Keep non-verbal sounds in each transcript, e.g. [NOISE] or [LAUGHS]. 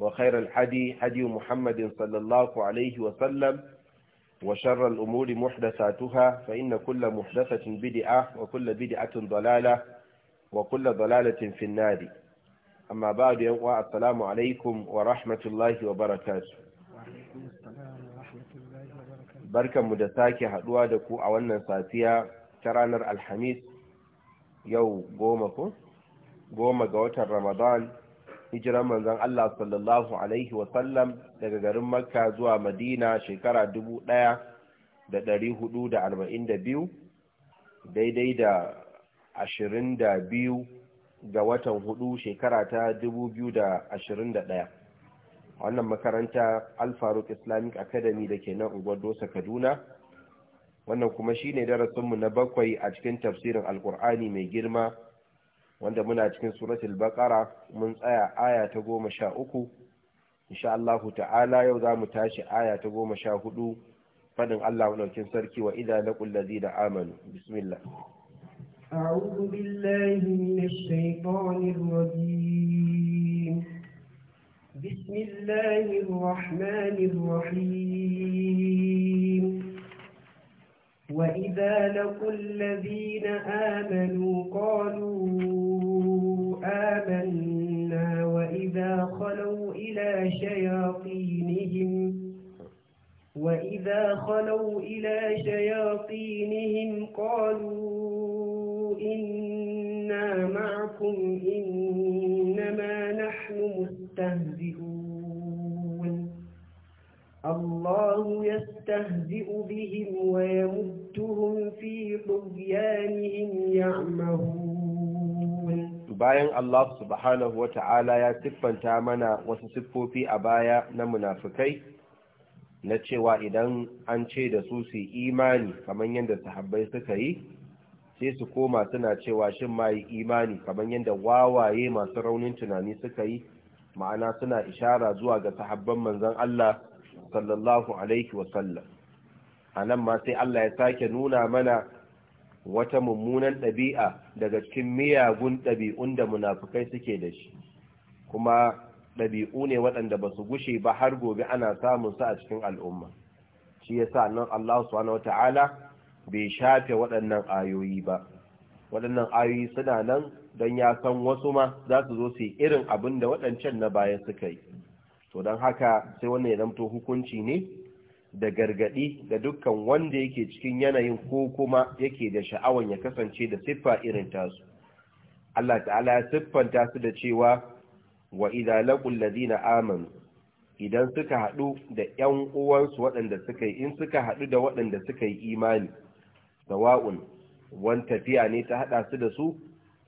وخير الحدي حدي محمد صلى الله عليه وسلم وشر الأمور محدثاتها فإن كل محدثة بدعة وكل بدعة ضلالة وكل ضلالة في النار أما بعد السلام عليكم ورحمة الله وبركاته barkan mu da sake haduwa da ku a wannan safiya ta ranar alhamis yau goma ko goma ga watan ramadan hijiran manzon Allah sallallahu alaihi wasallam daga garin Makka zuwa Madina shekara 1442 daidai da 22 ga watan hudu shekara ta 2021 wannan makaranta Al-Faruq Islamic Academy da ke nan unguwar Dosa Kaduna wannan kuma shine darasinmu na bakwai a cikin tafsirin Alkur'ani mai girma wanda muna cikin suratul baqara mun tsaya aya ta goma sha uku insha Allahu ta'ala yau za mu tashi aya ta goma sha hudu fadin Allah ɗaukin sarki wa idza laqul ladina amanu bismillah أعوذ بالله من الشيطان الرجيم بسم الله الرحمن وإذا لقوا الذين آمنوا قالوا آمنا وإذا خلوا إلى شياطينهم وإذا خلوا إلى شياطينهم قالوا إنا معكم إنما نحن مستهزئون الله يستهزئ بهم ويمدهم في طغيانهم يعمهون bayan Allah subhanahu wa ta'ala ya siffanta mana wasu siffofi a baya na munafukai na cewa idan an ce da su su imani kamar yadda sahabbai suka yi sai su koma suna cewa shin ma yi imani kamar yadda wawaye masu raunin tunani suka yi ma'ana suna ishara zuwa ga sahabban manzon Allah sallallahu alaihi wasallam a nan ma sai Allah ya sake nuna mana wata mummunan ɗabi'a daga cikin miyagun ɗabi'un da munafukai suke da shi kuma ɗabi'u ne waɗanda ba su gushe ba har gobe ana samun su a cikin al'umma shi ya sa nan Allah subhanahu wata'ala bai shafe waɗannan ayoyi ba waɗannan ayoyi suna nan don ya san wasu ma za su zo su yi irin abin da waɗancan na baya suka yi to don haka sai wannan ya zamto hukunci ne da gargadi da dukkan wanda yake cikin yanayin ko kuma yake da sha'awan ya kasance da siffa irin tasu Allah ta'ala ya siffanta su da cewa wa idza laqul ladina amanu idan suka hadu da ƴan uwansu waɗanda suka yi in suka hadu da waɗanda suka yi imani sawa'un wani tafiya ne ta haɗa su da su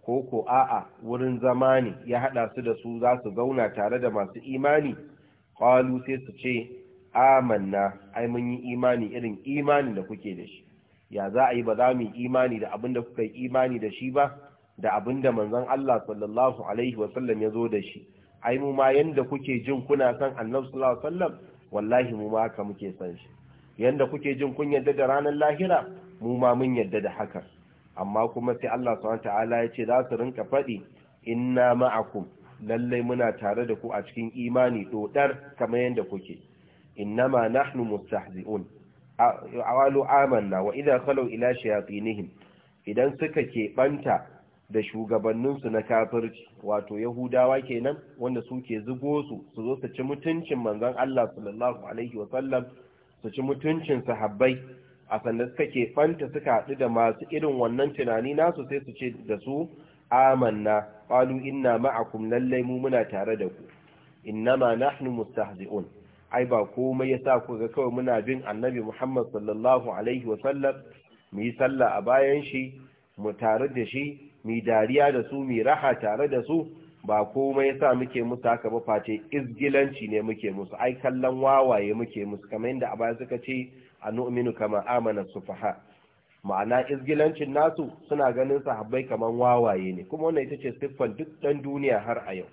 ko ko a'a wurin zama ne ya haɗa su da su za su zauna tare da masu imani qalu sai su ce amanna ai mun yi imani irin imani da kuke da shi ya za a yi ba za mu yi imani da abin da kuka yi imani da shi ba da abinda da manzon Allah sallallahu alaihi wa sallam ya zo da shi ai mu ma yanda kuke jin kuna san annabi sallallahu alaihi wa sallam wallahi mu ma haka muke san shi yanda kuke jin kun yadda da ranar lahira mu ma mun yadda da haka amma kuma sai Allah subhanahu wa ta'ala ya ce za su rinka faɗi inna ma'akum lallai muna tare da ku a cikin imani dodar kamar yadda kuke innama nahnu mustahzi'un awalu amanna wa idza khalu ila shayatinihim idan suka keɓanta da shugabanninsu na kafirci wato yahudawa kenan wanda suke zugo su su zo su ci mutuncin manzon Allah sallallahu alaihi wa sallam su ci mutuncin sahabbai a sanda suka keɓanta suka haɗu da masu irin wannan tunani nasu sai su ce da su amanna qalu inna ma'akum lallai mu muna tare da ku innama nahnu mustahzi'un ai ba komai yasa ku ga kawai muna bin annabi Muhammad sallallahu alaihi wa sallam mu yi sallah a bayan shi mu tare da shi mu dariya da su mu raha tare da su ba komai yasa muke musu haka ba face izgilanci ne muke musu ai kallon wawaye muke musu kamar yadda a baya suka ce a nu'minu kama amana sufaha ma'ana izgilancin nasu suna ganin sahabbai kamar wawaye ne kuma wannan ita ce siffan duk ɗan duniya har a yau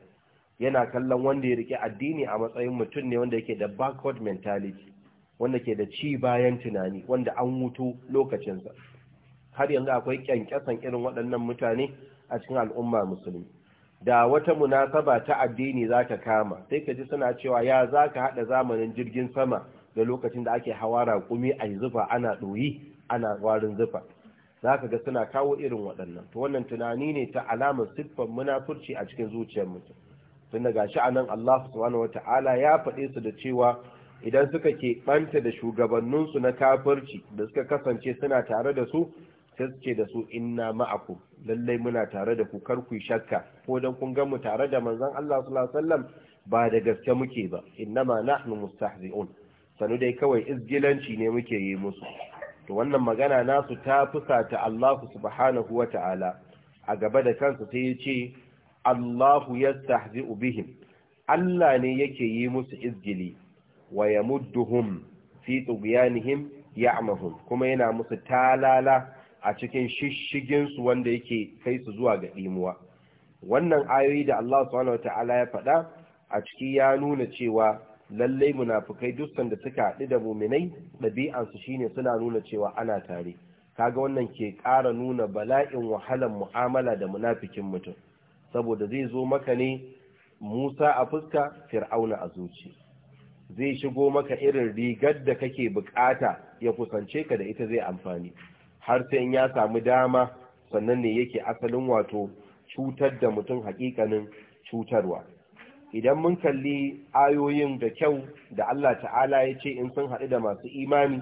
yana kallon wanda ya rike addini a matsayin mutum ne wanda yake da backward mentality wanda ke da ci bayan tunani wanda an mutu lokacinsa har yanzu akwai kyankyasan irin waɗannan mutane a cikin al'umma musulmi da wata munasaba ta addini za ka kama sai ka ji suna cewa ya za ka haɗa zamanin jirgin sama da lokacin da ake hawa raƙumi a zufa ana ɗoyi ana warin zufa za ka ga suna kawo irin waɗannan to wannan tunani ne ta alamar siffar munafurci a cikin zuciyar mutum tun da gashi anan Allah subhanahu wata'ala ya faɗe su da cewa idan suka ke ɓanta da shugabanninsu na kafirci da suka kasance suna tare da su sai su ce da su inna ma'akum lallai muna tare da ku kar ku shakka ko dan kun ga mu tare da manzon Allah sallallahu ba da gaske muke ba ma nahnu mustahzi'un sanu dai kawai izgilanci ne muke yi musu to wannan magana nasu ta fusata Allah subhanahu wa ta'ala a gaba da kansa sai ya ce Allahu yastahzi'u bihim Allah ne yake yi musu izgili wa yamudduhum fi ya ya'mahun kuma yana musu talala a cikin shishigin wanda yake kai su zuwa ga dimuwa wannan ayoyi da Allah subhanahu wa ta'ala ya faɗa a ciki ya nuna cewa lallai munafukai duk sanda suka haɗu da muminai ɗabi'ansu shine suna nuna cewa ana tare kaga wannan ke ƙara nuna bala'in wahalan mu'amala da munafikin mutum saboda zai zo maka ne musa a fuska fir'auna a zuci zai shigo maka irin rigar da kake bukata ya kusance ka da ita zai amfani har sai ya samu dama sannan ne yake asalin wato cutar da mutum hakikanin cutarwa idan mun kalli ayoyin da kyau da Allah ta'ala ya ce in sun haɗu da masu imani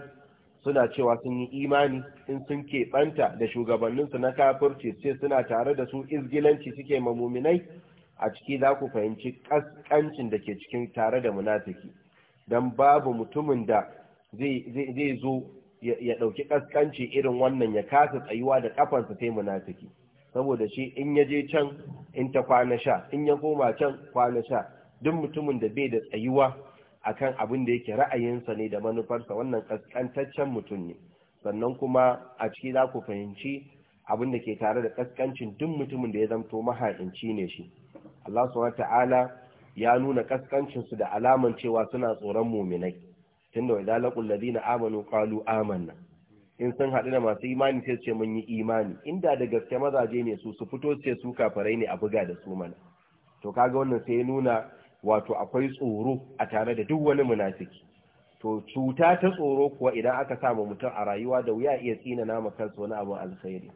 suna cewa sun yi imani in sun keɓanta da shugabanninsu na kafirci sai suna tare da su izgilanci suke mamuminai a ciki za ku fahimci ƙasƙancin da ke cikin tare da munafiki don babu mutumin da zai zo ya ɗauki ƙasƙanci irin wannan ya kasa tsayuwa da ƙafansa sai munafiki saboda shi in ya je can in ta kwana sha in ya koma can kwana sha duk mutumin da bai da tsayuwa akan abin da yake ra'ayinsa ne da manufarsa wannan kaskantaccen mutum ne sannan kuma a ciki za ku fahimci abin da ke tare da kaskancin duk mutumin da ya zamto maha'inci ne shi Allah subhanahu ta'ala ya nuna kaskancin da alaman cewa suna tsoron muminai tunda wa idza laqul ladina amanu qalu amanna in sun haɗu da masu imani sai ce mun yi imani inda da gaske mazaje ne su su fito ce su kafarai ne a buga da su mana to kaga wannan sai ya nuna wato akwai tsoro a tare da duk wani munafiki to cuta ta tsoro kuwa idan aka samu mutum a rayuwa da wuya iya tsina nama kansa wani abu alkhairi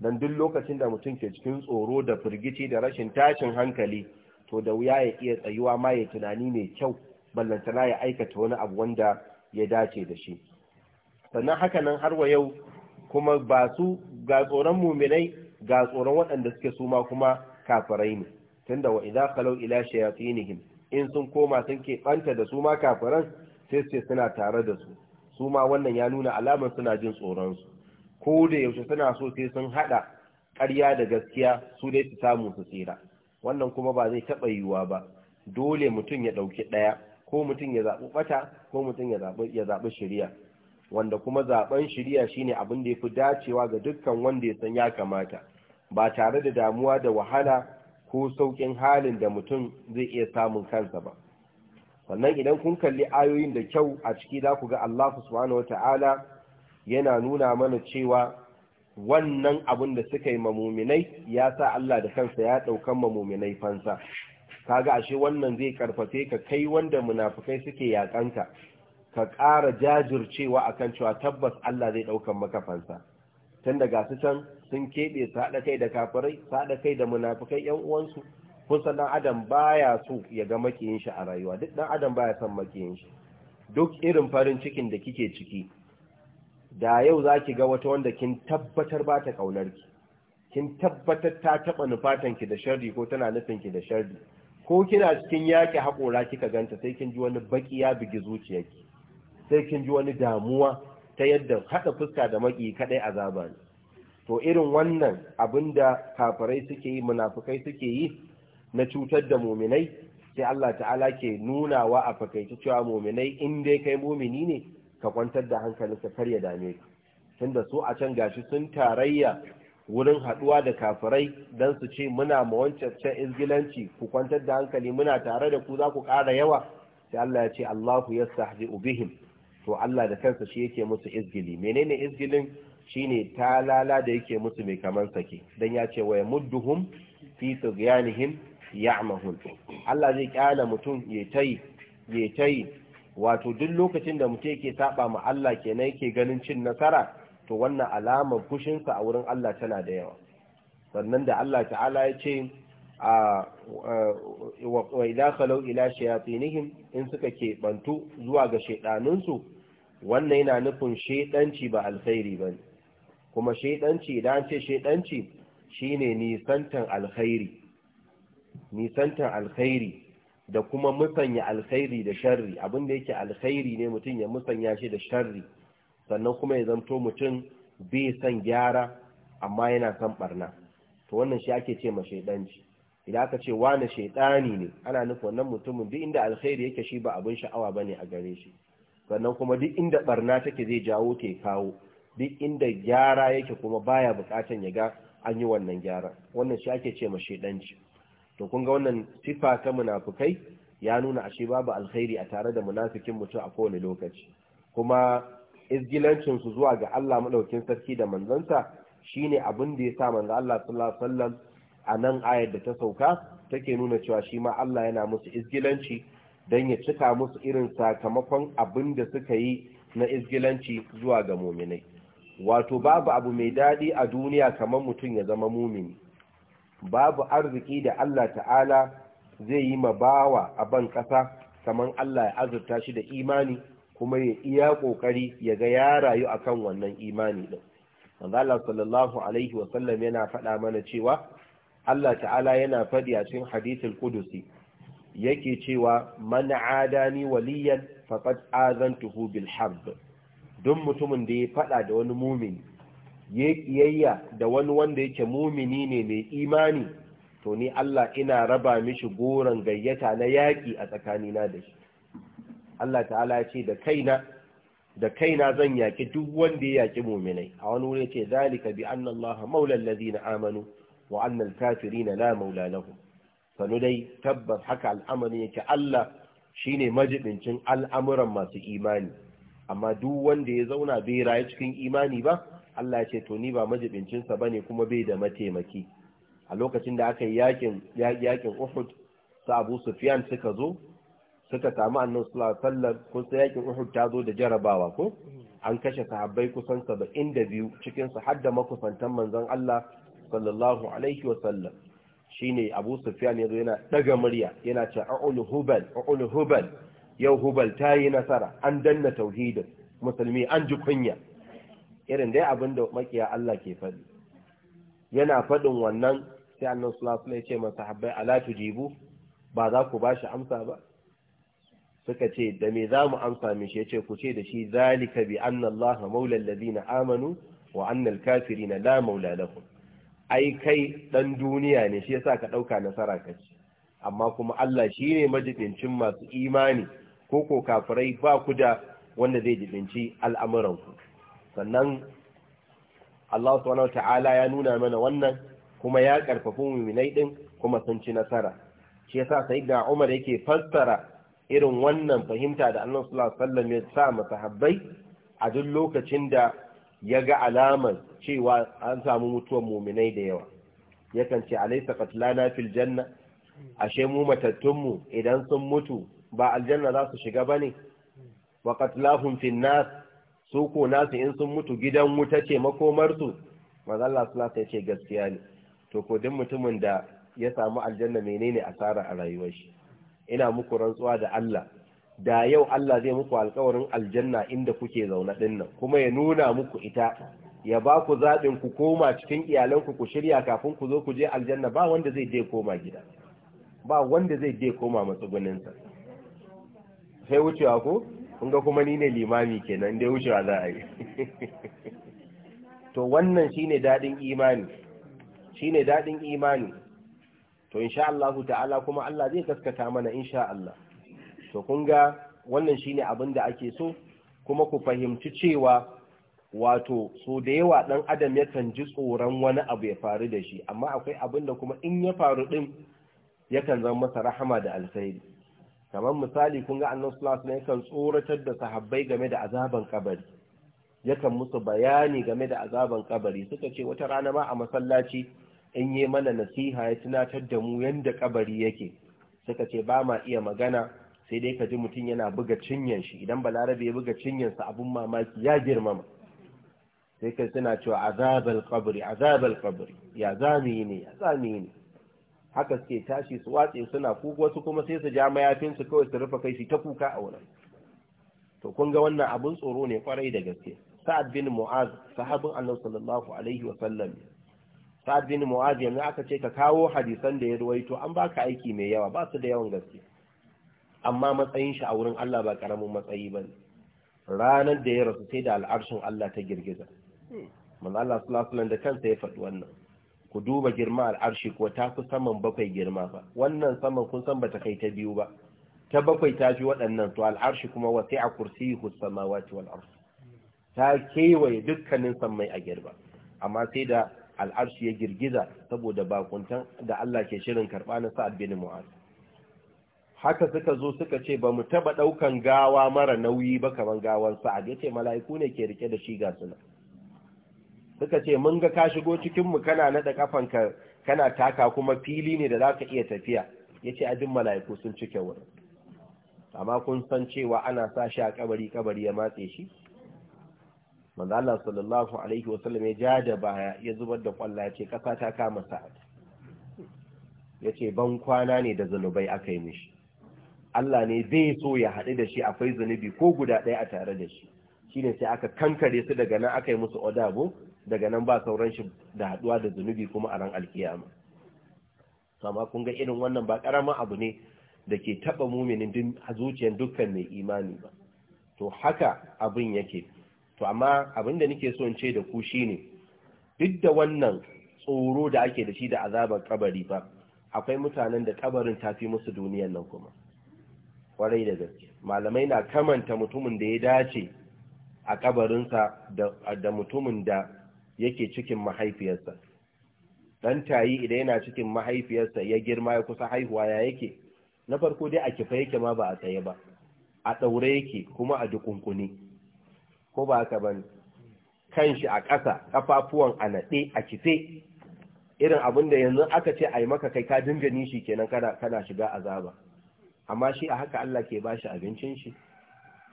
dan duk lokacin da mutum ke cikin tsoro da firgici da rashin tashin hankali to da wuya ya iya tsayuwa ma ya tunani mai kyau ballantana ya aikata wani abu wanda ya dace da shi sannan haka nan har wa yau kuma ba su ga tsoron muminai ga tsoron waɗanda suke su ma kuma kafirai ne tunda wa idza kalau ila shayatinihim in sun koma sun ke da su ma kafiran sai su suna tare da su su ma wannan ya nuna alamar suna jin tsoron su ko da yaushe suna so sai sun haɗa ƙarya da gaskiya su dai su samu su tsira wannan kuma ba zai taɓa yiwuwa ba dole mutum ya ɗauki ɗaya ko mutum ya zaɓi ɓata ko mutum ya zaɓi shari'a wanda kuma zaben shiriya shine abin da yafi dacewa ga dukkan wanda ya san ya kamata ba tare da damuwa da wahala ko sauƙin halin da mutum zai iya samun kansa ba sannan idan kun kalli ayoyin da kyau a ciki za ku ga Allah subhanahu wata'ala yana nuna mana cewa wannan abin da suka yi mamuminai ya sa Allah da kansa ya ɗaukan mamuminai fansa ka ga ashe wannan zai karfafe ka kai wanda munafukai suke yaƙanta. ka ƙara jajircewa a kan cewa tabbas Allah zai ɗaukan makafansa tun daga su can sun keɓe su haɗa kai da kafirai su kai da munafukai ƴan uwansu kun san ɗan adam baya so ya ga makiyin a rayuwa duk ɗan adam baya son makiyin shi duk irin farin cikin da kike ciki da yau za ki ga wata wanda kin tabbatar ba ta ƙaunar ki kin tabbatar ta taɓa nufatan ki da sharri ko tana nufin ki da sharri ko kina cikin yaƙi haƙora kika ganta sai kin ji wani baƙi ya bugi zuciyarki sai kin ji wani damuwa ta yadda haɗa fuska da maki kadai azaba ne to irin wannan abin da kafirai suke yi munafukai suke yi na cutar da muminai sai Allah ta'ala ke nunawa a fakaici cewa muminai in dai kai mumini ne ka kwantar da hankalinka kar ya dame ka tunda su a can gashi sun tarayya wurin haɗuwa da kafirai don su ce muna ma wancan izgilanci ku kwantar da hankali muna tare da ku za ku ƙara yawa sai Allah ya ce Allahu yastahzi'u bihim to Allah da kansa shi yake musu izgili menene izgilin shine talala da yake musu mai kaman sake dan ya ce wa mudduhum fi tughyanihim ya'mahun Allah zai kyala mutum ya tayi ya tayi wato duk lokacin da mutum yake saba ma Allah kenan yake ganin cin nasara to wannan alamar fushinsa a wurin Allah tana da yawa sannan da Allah ta'ala ya ce wa idza khalu ila shayatinihim in suka ke bantu zuwa ga shaidaninsu wannan yana nufin shaidanci ba alkhairi bane kuma shaidanci idan ce shaidanci shine nisantan alkhairi nisantan alkhairi da kuma musanya alkhairi da sharri Abin abinda yake alkhairi ne mutum ya musanya shi da sharri sannan kuma ya zanto mutum bai san gyara amma yana san barna to wannan shi ake ce ma shaidanci idan aka ce wani shaitani ne ana nufin wannan mutumin duk inda alkhairi yake shi ba abin sha'awa ba ne a gare shi sannan kuma duk inda barna take zai jawo ta kawo duk inda gyara yake kuma baya bukatan ya ga an yi wannan gyara wannan shi ake ce ma shaidanci to kun ga wannan sifa ta munafukai, ya nuna ashe babu alkhairi a tare da munafikin mutum a kowane lokaci kuma izgilancin su zuwa ga Allah madaukin sarki da manzansa shine abin da ya sa manzo Allah sallallahu alaihi wasallam a nan ayar da ta sauka take nuna cewa shi ma Allah yana musu izgilanci don ya cika musu irin sakamakon abin da suka yi na izgilanci zuwa ga muminai wato babu abu mai daɗi a duniya kamar mutum ya zama mumini babu arziki da Allah ta'ala zai yi mabawa a ban ƙasa kamar Allah ya azurta shi da imani kuma ya iya ƙoƙari ya ga ya rayu akan wannan imani ɗin. Allah sallallahu alaihi wasallam yana faɗa mana cewa Allah ta'ala yana faɗi a cikin hadithul qudusi yake cewa man adani waliyan faqad azantuhu bil harb duk mutumin da ya faɗa da wani mumini ya kiyayya da wani wanda yake mumini ne mai imani to ni Allah ina raba mishi goron gayyata na yaƙi a tsakanina da shi Allah ta'ala ya ce da kaina da kaina zan yaƙi duk wanda ya yaki muminai a wani wuri ce zalika bi annallaha Allah maula allazina amanu wa annal kafirina la maula lahum sanu dai tabbas haka al'amari yake Allah shine majibincin al'amuran masu imani amma duk wanda ya zauna bai rayu cikin imani ba Allah ya ce to ni ba majibincinsa sa bane kuma bai da mataimaki a lokacin da aka yi yakin yakin Uhud sa Abu Sufyan suka zo suka samu annabi sallallahu alaihi wasallam kun yakin Uhud ta zo da jarrabawa ko an kashe sahabbai kusan 72 cikin su hadda da makusantan manzon Allah sallallahu alaihi wa sallam shine Abu Sufyan yazo yana daga murya yana ce a'ul hubal a'ul hubal yau hubal ta yi nasara an danna tauhidin musulmi an ji kunya irin dai abinda makiya Allah ke faɗi yana faɗin wannan sai annabi sallallahu alaihi ya ce masahabbai ala tujibu ba za ku bashi amsa ba suka ce da me za mu amsa mishi ya ce ku ce da shi zalika bi anna Allah maula allazina amanu wa anna al-kafirina la maula lahum ai kai dan duniya ne shi yasa ka ɗauka nasara ka ci amma kuma Allah shi shine majidincin masu imani ko ko kafirai ba ku da wanda zai jibinci al'amuran ku sannan Allah subhanahu wataala ya nuna mana wannan kuma ya karfafi mu'minai ɗin kuma sun ci nasara shi yasa da Umar yake fassara irin wannan fahimta da Allah sallallahu alaihi wasallam ya sa masahabbai a duk lokacin da ya ga alamar cewa an samu mutuwar muminai da yawa yakan ce alaysa na fil janna ashe mu matattunmu idan sun mutu ba aljanna za su shiga bane wa qatlahum fil nas su ko nasu in sun mutu gidan wuta ce makomarsu manzo su sallallahu ce gaskiya ne to ko mutumin da ya samu aljanna menene asara a rayuwar shi ina muku rantsuwa da Allah da yau Allah zai muku alkawarin aljanna inda kuke zaune din nan kuma ya nuna muku ita ya ba ku zaɓin ku koma cikin iyalanku ku shirya kafin ku zo ku je aljanna ba wanda zai je koma gida ba wanda zai je koma matsuguninsa sai wucewa ko kun ga kuma ni ne limami kenan dai wucewa za a yi [LAUGHS] to wannan shine dadin imani shine dadin imani to insha Allah ta'ala kuma Allah zai kaskata mana insha Allah to kun ga wannan shine abin da ake so kuma ku fahimci cewa wato so da yawa dan adam yakan ji tsoron wani abu ya faru da shi amma akwai abin da kuma in ya faru din yakan zama masa rahama da alkhairi kamar misali kun ga annabi sallallahu alaihi wasallam yakan tsoratar da sahabbai game da azaban kabari yakan musu bayani game da azaban kabari suka ce wata rana ma a masallaci in yi mana nasiha ya tunatar da mu yanda kabari yake suka ce ba ma iya magana sai dai ka ji mutum yana buga cinyan shi idan balarabe ya buga cinyansa abun mamaki ya girmama sai kai suna cewa azabal qabri azabal qabri ya zami ne ya zami ne haka suke tashi su watse suna kuka su kuma sai su ja mayafin su kawai su rufe kai shi ta kuka a wurin to kun ga wannan abun tsoro ne kwarai da gaske sa'ad bin mu'az sahabin annabi sallallahu alaihi wa sallam sa'ad bin mu'az yanzu aka ce ka kawo hadisan da ya ruwaito an baka aiki mai yawa ba su da yawan gaske amma matsayin shi a wurin Allah ba karamin matsayi ba ne ranar da ya rasu sai da al'arshin Allah ta girgiza man Allah sallallahu da kansa ya faɗi wannan ku duba girma al'arshi ko ta fi saman bakwai girma ba wannan saman kun san bata kai ta biyu ba ta bakwai ta fi waɗannan to al'arshi kuma wasi'a kursiyuhu samawati wal ardh ta kewaye dukkanin samai a girba amma sai da al'arshi ya girgiza saboda bakuntan da Allah ke shirin karɓa na sa'ad bin mu'az haka suka zo suka ce ba mu taba daukan gawa mara nauyi ba kaman gawar sa'ad yace mala'iku ne ke rike da shi ga suna suka ce mun ga ka shigo cikin mu kana nada ka kana taka kuma fili ne da zaka iya tafiya yace ajin mala'iku sun cike wurin amma kun san cewa ana sa shi a kabari kabari ya matse shi manzo Allah sallallahu alaihi wasallam ya ja da baya ya zubar da kwalla yace kafa ta kama sa'ad yace ban kwana ne da zanubai aka yi mishi Allah ne zai so ya haɗu da shi a akwai zunubi ko guda ɗaya a tare da shi Shi ne sai aka kankare su daga nan aka yi musu odabo daga nan ba sauran shi da haɗuwa da zunubi kuma a ran alkiyama amma kun ga irin wannan ba ƙaramin abu ne da ke taɓa muminin din zuciyar dukkan mai imani ba to haka abin yake to amma abin da nake so in ce da ku shine duk da wannan tsoro da ake da shi da azabar kabari ba akwai mutanen da kabarin ta fi musu duniyar nan kuma kwarai da gaske malamai na kamanta mutumin da ya dace a kabarinsa da mutumin da yake cikin mahaifiyarsa dan tayi idan yana cikin mahaifiyarsa ya girma ya kusa haihuwa ya yake na farko dai a kifa yake ma ba a tsaye ba a ɗaure yake kuma a dukunkuni ko ba haka bane kanshi a ƙasa kafafuwan a naɗe a kife irin abin da yanzu aka ce a yi maka kai ka dinga nishi kenan kana shiga azaba amma shi a haka Allah ke bashi abincin shi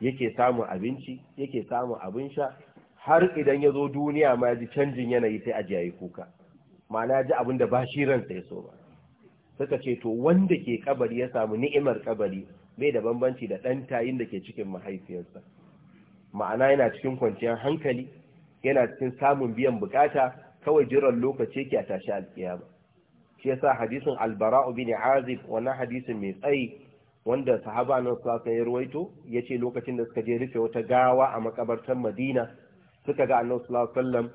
yake samun abinci yake samun abin sha har idan ya zo duniya ma ji canjin yanayi sai a kuka ma'ana ji abin da ba shi ransa ya so ba suka ce to wanda ke kabari ya samu ni'imar kabari bai da bambanci da ɗan tayin da ke cikin mahaifiyarsa ma'ana yana cikin kwanciyar hankali yana cikin samun biyan bukata kawai jiran lokaci yake a tashi alkiyama shi yasa hadisin albara'u bin azib wannan hadisin mai tsayi wanda sahaba nan sa ya ruwaito ya ce lokacin da suka je rufe wata gawa a makabartar madina suka ga annabi sallallahu alaihi wasallam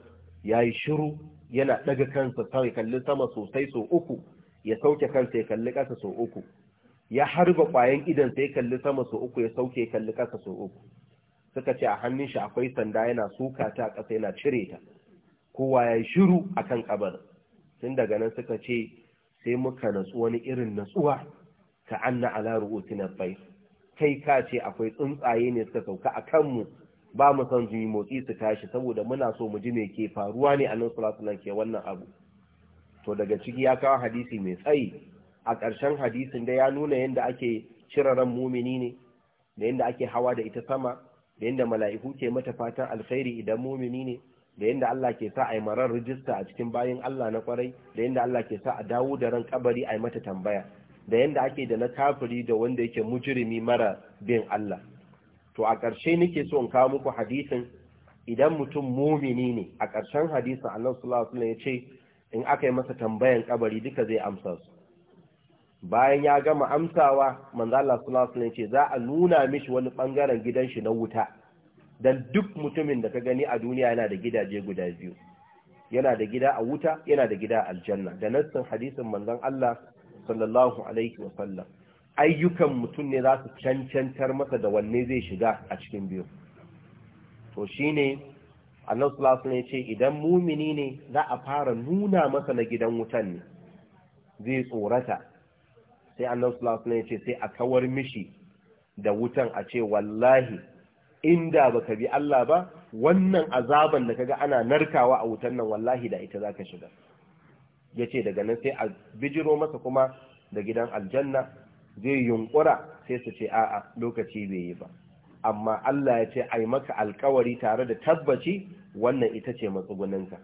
ya yi shiru yana ɗaga kansa sai kalli sama sosai so uku ya sauke kansa ya kalli kasa so uku ya harba ƙwayan idan sai kalli sama so uku ya sauke kalli kasa so uku suka ce a hannun shi akwai sanda yana suka ta ƙasa yana cire ta kowa ya yi shiru akan kabar tun daga nan suka ce sai muka natsu wani irin natsuwa ka anna ala ru'utina bai kai ka ce akwai tsuntsaye ne suka sauka a kanmu ba mu san su motsi su tashi saboda muna so mu ji me ke faruwa ne a nan sallallahu ke wannan abu to daga ciki ya kawo hadisi mai tsayi a ƙarshen hadisin da ya nuna yadda ake cire ran mumini ne da yadda ake hawa da ita sama da yadda mala'iku ke mata fatan alkhairi idan mumini ne da yadda Allah ke sa a yi marar rijista a cikin bayan Allah na kwarai da yadda Allah ke sa a dawo da ran kabari a yi mata tambaya da yadda ake da na kafiri da wanda yake mujirimi mara bin Allah to a ƙarshe nake so in kawo muku hadisin idan mutum mumini ne a ƙarshen hadisin Allah sallallahu alaihi ya ce in aka yi masa tambayan kabari duka zai amsa su bayan ya gama amsawa manzo Allah sallallahu alaihi ya ce za a nuna mishi wani bangaren gidan shi na wuta dan duk mutumin da ka gani a duniya yana da gidaje guda biyu yana da gida a wuta yana da gida a aljanna da nassin hadisin manzon Allah sallallahu alaihi wa ayyukan mutum ne za su cancantar masa da wanne zai shiga a cikin biyu to shi ne sallallahu ce idan mumini ne za a fara nuna masa na gidan wutan ne zai tsorata sai Allah sallallahu ce sai a kawar mishi da wutan a ce wallahi inda baka bi Allah ba wannan azaban da kaga ana narkawa a wutan nan wallahi da ita zaka shiga yace daga nan sai a bijiro masa kuma da gidan aljanna zai yunkura sai su ce a'a lokaci bai yi ba amma Allah ya ce ai maka alkawari tare da tabbaci wannan ita ce matsuguninka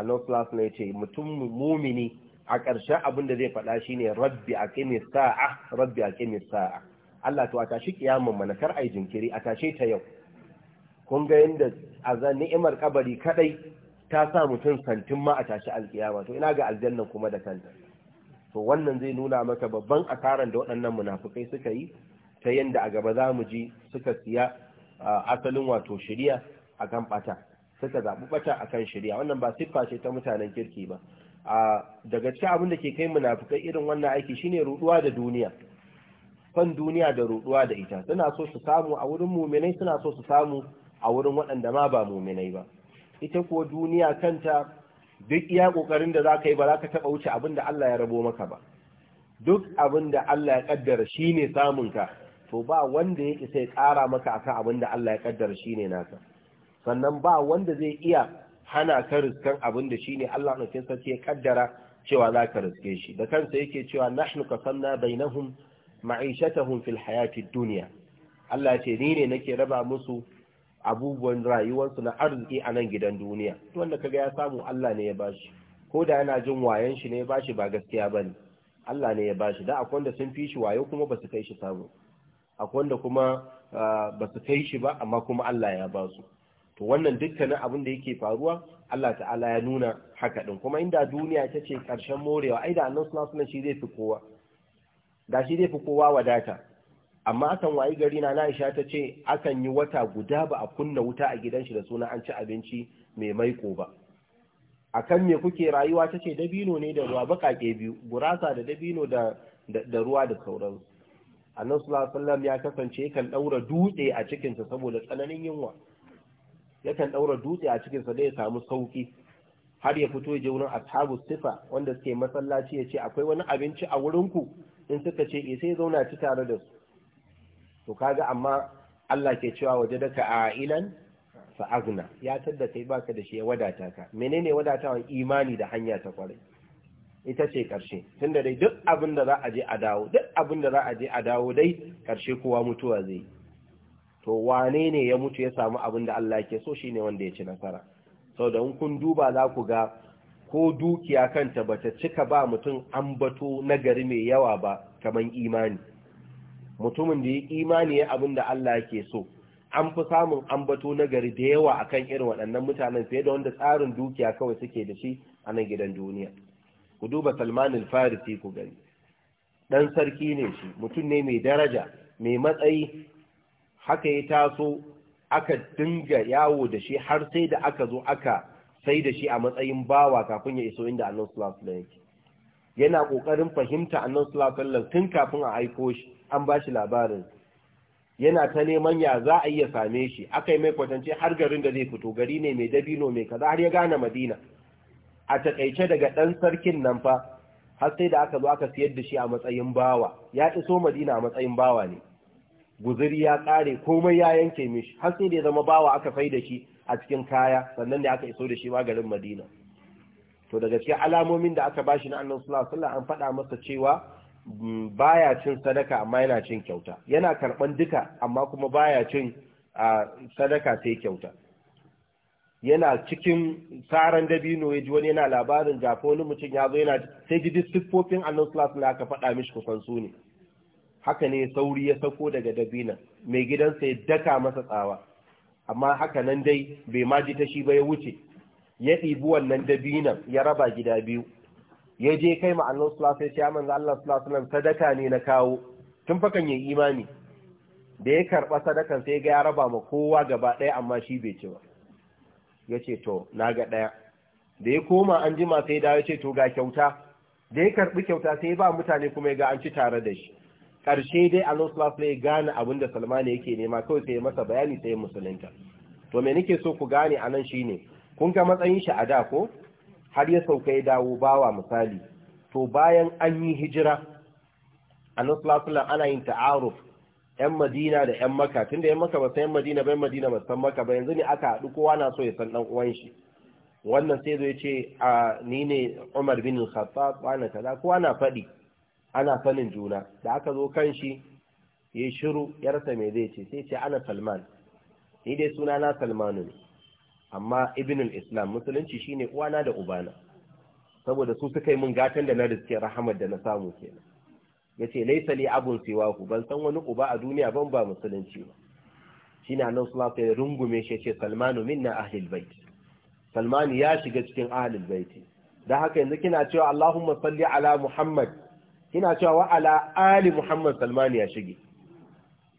Allah plus ne ce mutum mumini a ƙarshe abin da zai faɗa shine rabbi aqimi sa'a rabbi aqimi sa'a Allah to a tashi kiyamun mana kar ai jinkiri a tashe ta yau kun ga yanda a ni'imar kabari kadai ta sa mutum santin ma a tashi alkiyama to ina ga aljannan kuma da kanta to wannan zai nuna maka babban asaran da waɗannan munafukai suka yi ta yanda a gaba za mu ji suka siya asalin wato shirya akan ɓata suka zaɓi ɓata akan shirya wannan ba siffa ce ta mutanen kirki ba a daga cikin abin da ke kai munafukai irin wannan aiki shine ruɗuwa da duniya son duniya da ruɗuwa da ita suna so su samu a wurin muminai suna so su samu a wurin waɗanda ma ba muminai ba ita kuwa duniya kanta duk iya kokarin da zaka yi ba zaka taba wuce abin da Allah ya rabo maka ba duk abin da Allah ya kaddara shine samun ka to ba wanda ya yake sai ƙara maka akan abin da Allah ya kaddara shine naka sannan ba wanda zai iya hana ka riskan abin da shine Allah ɗauke sarki ya kaddara cewa za ka riske shi da kansa yake cewa nahnu qasamna bainahum ma'ishatahum fil hayati dunya Allah ce ni ne nake raba musu abubuwan rayuwarsu na arziki a nan gidan duniya wanda kaga ya samu Allah ne ya bashi ko da yana jin wayan shi ne ya bashi ba gaskiya ba ne. Allah ne ya bashi da akwai wanda sun fi shi wayo kuma ba su kai shi samu akwai wanda kuma ah, ba su kai shi ba amma kuma Allah ya ba su to wannan dukkanin abin da yake faruwa Allah ta'ala ya nuna haka din kuma inda duniya ta ce karshen morewa ai da annabi sallallahu alaihi shi zai fi kowa da shi zai fi kowa wadata amma akan wayi gari na Aisha ta ce akan yi wata guda ba a kunna wuta a gidan shi da suna an ci abinci mai maiko ba akan me kuke rayuwa ta ce dabino ne da ruwa bakake biyu gurasa da dabino da da ruwa da sauran annabi sallallahu alaihi ya kasance kan daura dutse a cikin sa saboda tsananin yunwa yakan daura dutse a cikin sa da ya samu sauki har ya fito ya je wurin ashabu sifa wanda suke masallaci ya ce akwai wani abinci a wurinku in suka ce eh sai zauna ci tare da su to kaga amma Allah ke cewa waje daka ailan fa agna ya tadda kai baka da shi ya wadata ka menene wadatawan imani da hanya ta kwarai ita ce karshe tunda dai duk abin da za a je a dawo duk abin da za a je a dawo dai karshe kowa mutuwa zai to wane ne ya mutu ya samu abin da Allah ke so shine wanda ya ci nasara saboda in kun duba za ku ga ko dukiya kanta bata cika ba mutum ambato nagari mai yawa ba kaman imani mutumin da ya imani ya abin da Allah yake so an fi samun ambato nagari da yawa akan irin waɗannan mutanen fiye da wanda tsarin dukiya kawai suke da shi a nan gidan duniya ku duba Salman al-Farisi ku gani Ɗan sarki ne shi mutum ne mai daraja mai matsayi haka ya taso aka dinga yawo da shi har sai da aka zo aka sai da shi a matsayin bawa kafin ya iso inda Allah sallallahu alaihi yana ƙoƙarin fahimta annan sulafallar tun kafin a aiko shi an ba shi labarin yana ta neman ya za a iya same shi aka yi mai kwatance har garin da zai fito gari ne mai dabino mai kaza har ya gane madina a takaice daga ɗan sarkin nan fa har sai da aka zo aka siyar da shi a matsayin bawa ya iso madina a matsayin bawa ne guzuri ya ƙare komai ya yanke mishi har sai da ya zama bawa aka fai da shi a cikin kaya sannan da aka iso da shi ma garin madina to da gaske alamomin da aka bashi na annabi sallallahu alaihi an faɗa masa cewa mm, baya cin sadaka amma yana cin kyauta yana karban duka amma kuma baya cin sadaka sai kyauta yana cikin tsaran dabino ya wani yana labarin jafo wani mutum ya zo yana sai ji siffofin annabi sallallahu alaihi aka faɗa mishi kusan su ne haka ne sauri ya sako daga dabina mai gidansa ya daka masa tsawa amma haka nan dai bai ma ji ta shi ba ya wuce ya ɗibi wannan dabinan ya raba gida biyu ya je kai ma Allah sallallahu alaihi wasallam ya Allah sallallahu alaihi sadaka ne na kawo tun fakan yi imani da ya karba sadakan sai ga ya raba ma kowa gaba ɗaya amma shi bai ci ba yace to na ga ɗaya da ya koma an jima sai da yace to ga kyauta da ya karbi kyauta sai ba mutane kuma ya ga an ci tare da shi karshe dai Allah sallallahu alaihi gane abin da Salman yake nema kawai sai masa bayani sai musulunta to me nake so ku gane anan shine kun ga matsayin shi a da ko har ya sauka ya dawo bawa misali to bayan an yi hijira a nasulasulan ana yin ta'aruf yan madina da yan maka tun da yan maka ba san yan madina ba yan madina ba san maka ba yanzu ne aka haɗu kowa na so ya san ɗan uwan shi wannan sai zai ce a ni ne umar bin khattab ana kaza kowa na faɗi ana sanin juna da aka zo kan shi ya shiru yarsa me zai ce sai ce ana salman ni dai suna na salmanu ne amma Ibinul islam musulunci shine uwana da ubana saboda su suka yi mun gatan da na riske rahamar da na samu kenan yace laysa li abun ku ban san wani uba a duniya ban ba musulunci ba shine annabi sallallahu alaihi wasallam rungume shi yace salmanu minna ahlul bait salmanu ya shiga cikin ahlul bait dan haka yanzu kina cewa allahumma salli ala muhammad kina cewa wa ala ali muhammad salmanu ya shige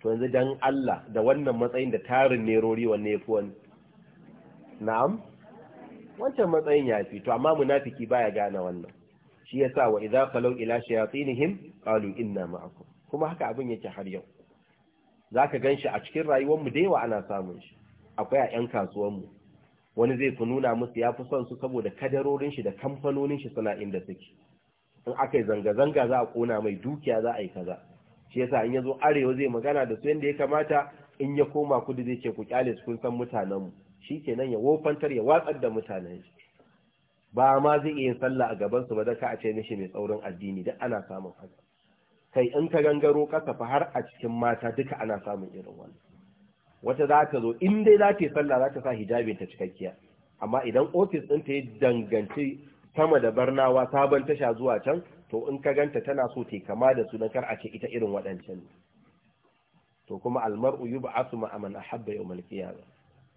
to yanzu dan Allah da wannan matsayin da tarin nerori wanne ya fi wani na'am wancan matsayin ya fi to amma munafiki baya gane wannan shi yasa wa idza qalu ila shayatinihim qalu inna ma'akum kuma haka abin yake har yau zaka ganshi a cikin rayuwar mu da yawa ana samun shi akwai a ƴan kasuwar mu wani zai fi nuna musu ya fi son su saboda kadarorin shi da kamfanonin shi suna inda suke in aka zanga-zanga za a kona mai dukiya za a yi kaza shi yasa in ya zo arewa zai magana da su yadda ya kamata in ya koma kudu zai ce ku kyale su kun san mutanenmu shi kenan ya wofantar ya watsar da mutanen shi ba ma zai iya yin sallah a gaban su ba da ka a ce mishi mai tsaurin addini duk ana samun haka kai in ka gangaro kasa fa har a cikin mata duka ana samun irin wannan wata za ta zo in dai za ta yi sallah za ta sa hijabin ta cikakkiya amma idan ofis ɗin ta yi danganci sama da barnawa sabon tasha zuwa can to in ka ganta tana so ta kama da su don kar a ce ita irin waɗancan to kuma almar'u yub'asu ma man ahabba yawmal qiyamah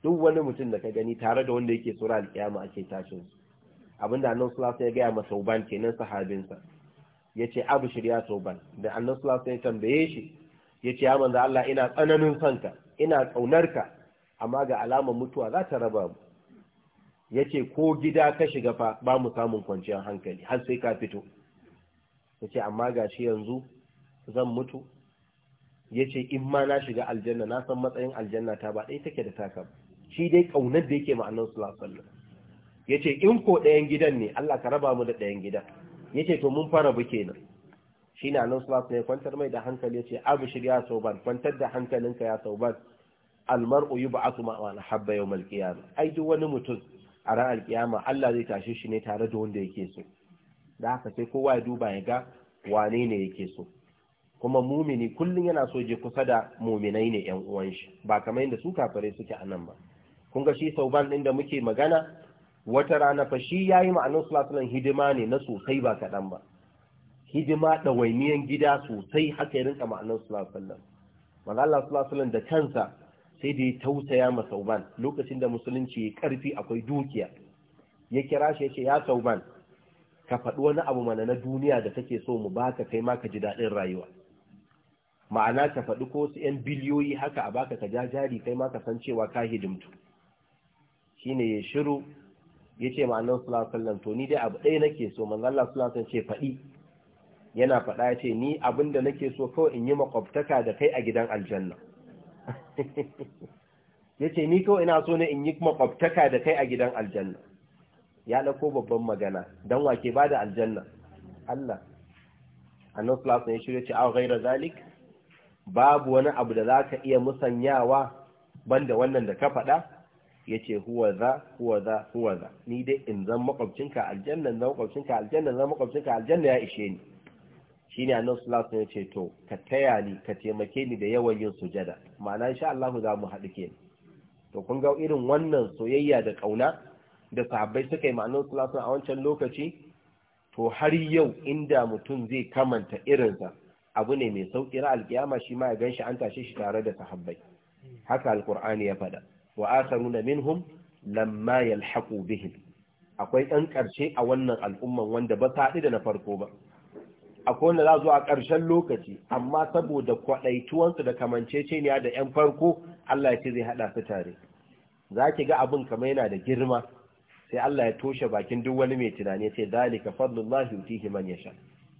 duk wani mutum da ka gani tare da wanda yake tsora alƙiyama ake tashin su abinda annan sulasa ya gaya ma sauban kenan sahabinsa ya ce abu shirya sauban da annan sulasa ya tambaye shi ya ce ya manzo Allah ina tsananin sanka ina ƙaunarka amma ga alamar mutuwa za ta raba mu ya ce ko gida ka shiga fa ba mu samun kwanciyar hankali har sai ka fito ya ce amma ga shi yanzu zan mutu ya ce in ma na shiga aljanna na san matsayin aljanna ta ba ɗaya take da taka ba shi dai ƙaunar da yake ma'anar sulasallu ya ce in ko ɗayan gidan ne Allah ka raba mu da ɗayan gidan ya ce to mun fara bu nan. shi ne annan sulasallu ya kwantar mai da hankali ya ce abu shirya sauban kwantar da hankalinka ya sauban uyu ba asuma ma'a na habba yau malkiyama ai duk wani mutum a ran alkiyama Allah zai tashe shi ne tare da wanda yake so da haka sai kowa ya duba ya ga wane ne yake so kuma mumini kullum yana so je kusa da muminai ne yan uwan shi ba kamar yadda su kafare suke a nan ba kun ga shi sauban ɗin da muke magana wata rana fa shi ya yayi ma'anin sulasulan hidima ne na sosai ba kaɗan ba hidima ɗawainiyan gida sosai haka ya rinka ma'anin sulasulan maza Allah sulasulan da kansa sai da ya tausaya ma sauban lokacin da musulunci ya karfi akwai dukiya ya kira shi ya ce ya sauban ka faɗi wani abu mana na duniya da take so mu baka kai ma ka ji daɗin rayuwa ma'ana ka faɗi ko su 'yan biliyoyi haka a baka ka ja kai ma ka san cewa ka hidimtu shine ya shiru ya ce ma annabi sallallahu alaihi wasallam to ni dai abu ɗaya nake so manzo Allah sallallahu alaihi wasallam ce faɗi yana faɗa ya ce ni abin da nake so kawai in yi makwabtaka da kai a gidan aljanna [LAUGHS] ya ce ni kawai ina so ne in yi makwabtaka da kai a gidan aljanna ya ɗauko babban magana Dan wake ba da aljanna Allah annan sulasu ya ya ce a gaira zalik babu wani abu da za ka iya musanyawa banda wannan da ka faɗa yace huwa za huwa za huwa za ni dai in zan makwabcinka aljanna zan makwabcinka aljanna zan makwabcinka aljanna ya ishe ni shi annabi sallallahu alaihi wasallam yace to ka taya ni ka taimake ni da yawan yin sujada ma'ana insha Allah za mu haɗu kenan to kun ga irin wannan soyayya da ƙauna da sahabbai suka yi ma'anar sallallahu a wancan lokaci to har yau inda mutum zai kamanta irinsa abu ne mai sauƙi na alkiyama shi ma ya ganshi an tashe shi tare da sahabbai haka alkur'ani ya faɗa wa asaruna minhum lamma yalhaqu bihim akwai ɗan ƙarshe a wannan al'umman wanda ba ta da na farko ba akwai wanda za zo a ƙarshen lokaci amma saboda kwaɗaituwansu da kamancece ne da 'yan farko Allah ya ce zai haɗa su tare za ki ga abin kamar yana da girma sai Allah ya toshe bakin duk wani mai tunani sai zalika fadlullahi yutihi man yasha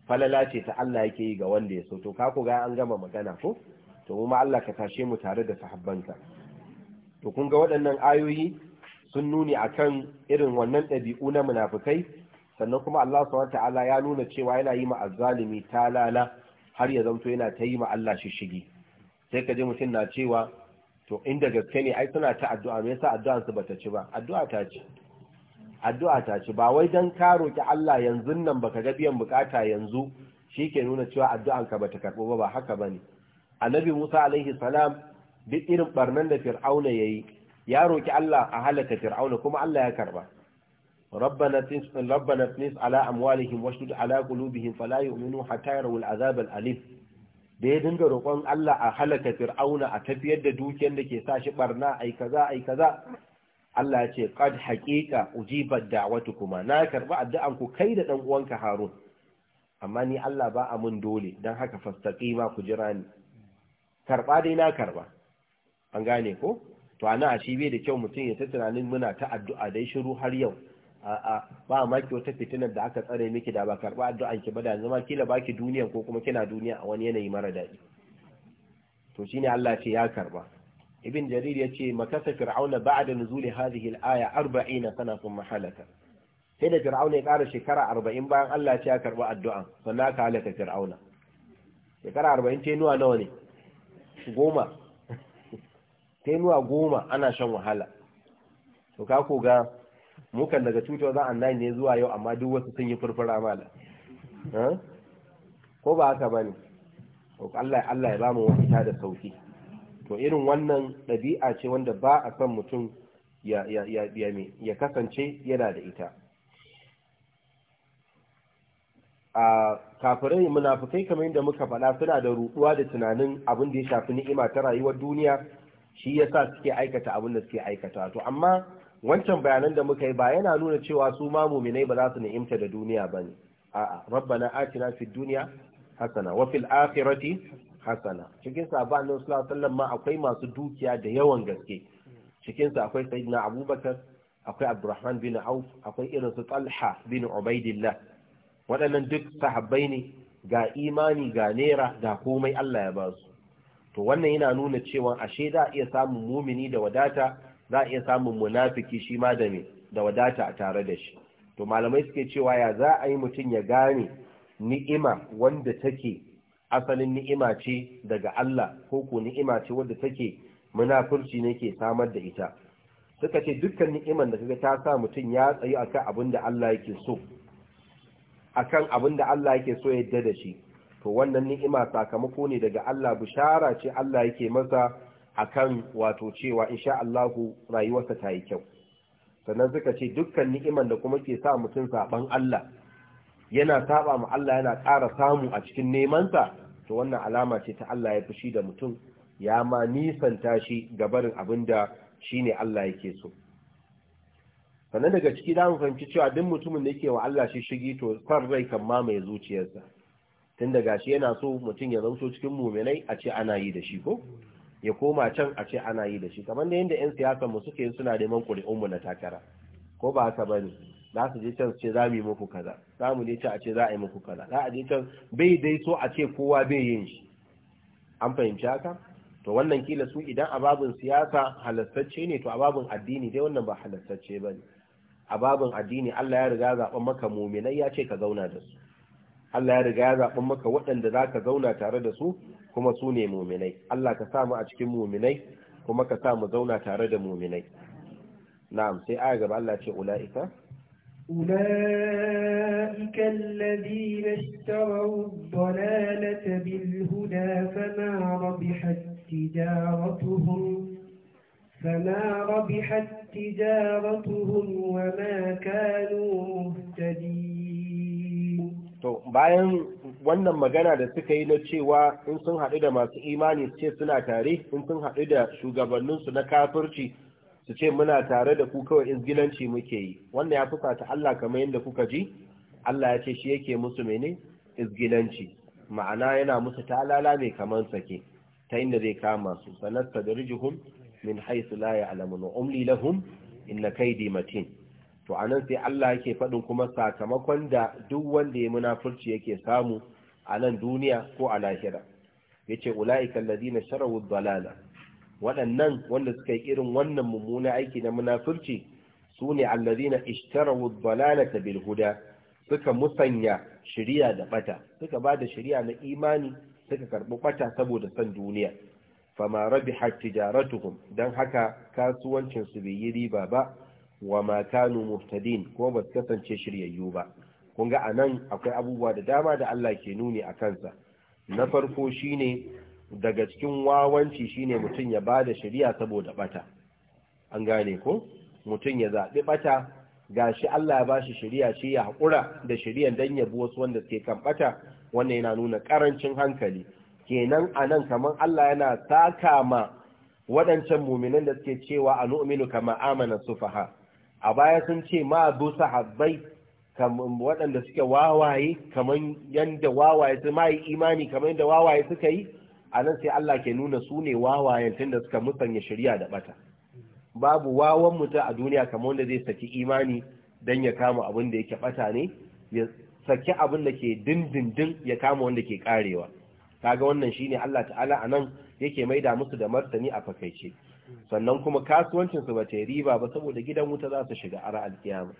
falala ce ta Allah yake yi ga wanda ya so to ka ku ga an gama magana ko to mu ma Allah ka tashe mu tare da sahabbanka to kun ga waɗannan ayoyi sun nuni akan irin wannan ɗabi'u na munafukai sannan kuma Allah subhanahu ta'ala ya nuna cewa yana yi ma ta talala har ya zanto yana ta yi ma Allah shishigi sai ka ji mutum na cewa to inda gaske ne ai suna ta addu'a me yasa addu'an su bata ci ba addu'a ta ci addu'a ta ci ba wai dan ka roki Allah yanzu nan baka ga biyan bukata yanzu shi ke nuna cewa addu'anka ba ta karɓo ba ba haka ba ne. Annabi Musa alaihi salam duk irin barnan da fir'auna yayi ya roki Allah a halaka fir'auna kuma Allah ya karba rabbana tins ala amwalihim washdud ala qulubihim fala yu'minu hatta yarawu al'azab al'alim da ya dinga roƙon Allah a halaka fir'auna a tafiyar da dukiyar da ke sa shi barna ai kaza ai kaza Allah ya ce qad haqiqa ujibat da'watukuma na karba addu'an ku kai da dan uwanka Harun amma ni Allah ba a mun dole don haka fastaqima ku jira ni karba dai na karba an gane ko to ana a shi bai da kyau mutum ya ta tunanin muna ta addu'a dai shiru har yau ba ma ki wata fitinar da aka tsare miki da ba karba addu'an ki ba da yanzu ma kila baki duniya ko kuma kina duniya a wani yanayi mara daɗi to shine Allah ce ya karba ibn jarir ce makasa fir'auna ba'da nuzuli hadhihi al-aya 40 sana thumma halaka sai da fir'auna ya ƙara shekara 40 bayan Allah ce ya karba addu'an sannan ka halaka fir'auna shekara 40 ce nuwa nawa ne goma ta nuwa goma ana shan wahala to ka ga mukan daga 2009 ne zuwa yau amma duk wasu sun yi furfura mala ko ba haka ba ne Allah Allah ya bamu wata da sauki to irin wannan ɗabi'a ce wanda ba a son mutum ya kasance yana da ita a kafirai munafikai kamar yadda muka faɗa suna da ruɗuwa da tunanin abin da ya shafi ni'ima ta rayuwar duniya shi yasa suke aikata abin da suke aikata to amma wancan bayanan da muka yi ba yana nuna cewa su ma muminai ba za su ni'imta da duniya ba ne. a'a rabbana atina fid dunya hasana wa fil akhirati hasana cikin sahaba annabi sallallahu alaihi wasallam ma akwai masu dukiya da yawan gaske cikin sa akwai sayyidina abubakar akwai abdurrahman bin auf akwai irin su talha bin ubaidillah waɗannan duk sahabbai ne ga imani ga nera ga komai Allah ya ba su to wannan yana nuna cewa ashe za a iya samun mumini da wadata za a iya samun munafiki shi ma da ne da wadata a tare da shi to malamai suke cewa ya za a yi mutum ya gane ni'ima wanda take asalin ni'ima ce daga Allah ko ko ni'ima ce wanda take munafurci ne ke samar da ita suka ce dukkan ni'imar da kaga ta sa mutum ya tsayi akan abin da Allah yake so akan abin Allah yake so ya da shi to wannan ni'ima sakamako ne daga Allah bishara ce Allah yake masa akan wato cewa insha Allah rayuwarsa ta yi kyau sannan suka ce dukkan ni'iman da kuma ke sa mutum saban Allah yana saba ma Allah yana ƙara samu a cikin neman sa, to wannan alama ce ta Allah ya fushi da mutum ya ma nisan tashi ga barin abin da shine Allah yake so sannan daga ciki da mu fahimci cewa duk mutumin da yake wa Allah shi shigi to san rai kan mai zuciyarsa tun da gashi yana so mutum ya zamso cikin muminai a ce ana yi da shi ko ya koma can a ce ana yi da shi kamar da yadda 'yan siyasa mu suke suna neman ƙuri'unmu na takara ko ba haka ne? za su je can su ce za mu yi muku kaza za mu je can a ce za a yi muku kaza za a je can bai dai so a ce kowa bai yin shi an fahimci haka to wannan kila su idan ababin siyasa halastacce ne to ababin addini dai wannan ba halastacce ne. ababin addini Allah ya riga zaɓen maka muminai ya ce ka zauna da su Allah ya riga ya zaɓi maka waɗanda za ka zauna tare da su kuma su ne muminai Allah ka samu a cikin muminai kuma ka samu zauna tare da muminai na'am sai aya gaba Allah ce ula'ika أولئك الذين اشتروا الضلالة بالهدى فما ربحت تجارتهم فما ربحت تجارتهم وما kanu مهتدين to bayan wannan magana da suka yi na cewa in sun haɗu da masu imani ce suna tare in sun haɗu da shugabanninsu na kafirci su ce muna tare da ku kawai izgilanci muke yi wannan ya fusa ta Allah kamar yadda kuka ji Allah ya ce shi yake musu mene izgilanci ma'ana yana musu talala mai kamar sake ta inda zai kama su sanasta da rijihun min haisu la ya'lamun umli lahum inna kai matin to anan sai Allah yake faɗin kuma sakamakon da duk wanda ya munafurci yake samu a nan duniya ko a lahira yace ula'ikan alladhina sharawu dalala waɗannan wanda suka yi irin wannan mummuna aiki na munafurci sune alladhina ishtarawu dalalata bil huda suka musanya shiriya da bata suka ba da shiriya na imani suka karɓi bata saboda san duniya fama rabihat tijaratuhum dan haka kasuwancin su bai yi riba ba wa ma kanu muhtadin ko ba kasance shiryayyu ba kun ga anan akwai abubuwa da dama da Allah ke nuni a kansa na farko shine daga cikin wawanci shine mutum ya ba da shari'a saboda bata an gane ko mutum ya zaɓi bata gashi Allah ya bashi shari'a ce ya haƙura da shari'an dan ya bi wasu wanda suke kan bata wannan yana nuna karancin hankali kenan anan kaman Allah yana saka ma waɗancan muminan da suke cewa a nu'minu kama amana sufaha a baya sun ce ma bu sahabbai waɗanda suke wawaye kamar yadda wawaye su ma yi imani kamar yadda wawaye suka yi a nan sai Allah ke nuna su ne wawaye tun da suka musanya shari'a da bata babu wawan mutum a duniya kamar wanda zai saki imani don ya kama abin da yake bata ne ya saki abin da ke dindindin ya kama wanda ke karewa kaga wannan shine Allah ta'ala anan yake maida musu da martani a fakaice sannan kuma kasuwancin su bata riba ba saboda gidan wuta za su shiga ara alkiyama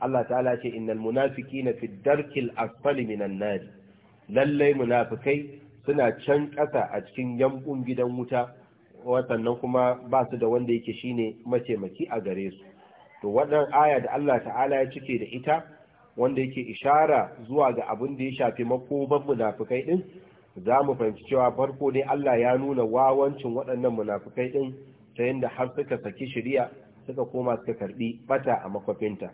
Allah ta'ala ce innal munafiqina fi darkil asfali minan nar lalle munafikai suna can kasa a cikin yankun gidan wuta sannan kuma ba su da wanda yake shine mataimaki a gare su to wannan aya da Allah ta'ala ya cike da ita wanda yake ishara zuwa ga abin da ya shafi makoban munafikai din za mu fahimci cewa farko dai Allah ya nuna wawancin waɗannan munafikai din ta yadda har suka saki shirya suka koma suka karbi bata a makwafinta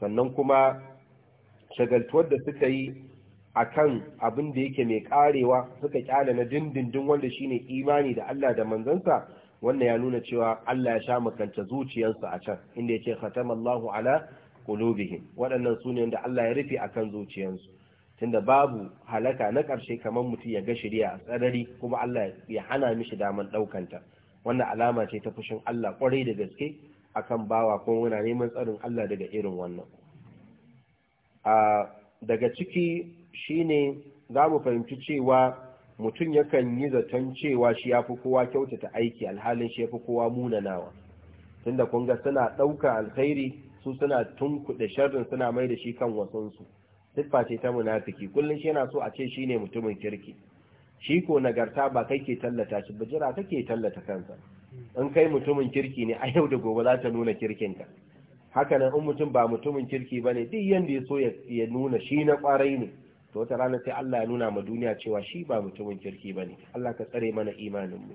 sannan kuma shagaltuwar da suka yi a kan abin da yake mai karewa suka kyale na dindindin wanda shine imani da Allah da manzansa wannan ya nuna cewa Allah ya sha makanta zuciyarsu a can inda yace khatamallahu ala qulubihim waɗannan sune wanda Allah ya rufe akan zuciyarsu tunda babu halaka na ƙarshe kamar mutum ya ga shari'a a tsarari kuma Allah ya hana mishi daman ɗaukanta wannan alama ce ta fushin Allah kwarai da gaske a kan bawa ko muna neman tsarin Allah daga irin wannan a daga ciki shine za mu fahimci cewa mutum yakan yi zaton cewa shi ya fi kowa kyautata aiki alhalin shi ya fi kowa munanawa tunda kun ga suna ɗauka alkhairi su suna tunkuɗe sharrin suna mai da shi kan wasansu ba ce ta munafiki kullum shi yana so a ce shi ne mutumin kirki shi ko nagarta ba kai ke tallata shi ba jira kake tallata kansa in kai mutumin kirki ne a yau da gobe za ta nuna kirkinka haka nan in mutum ba mutumin kirki ba ne duk yanda ya so ya nuna shi na kwarai ne to wata rana sai Allah ya nuna ma duniya cewa shi ba mutumin kirki ba ne Allah ka tsare mana imanin mu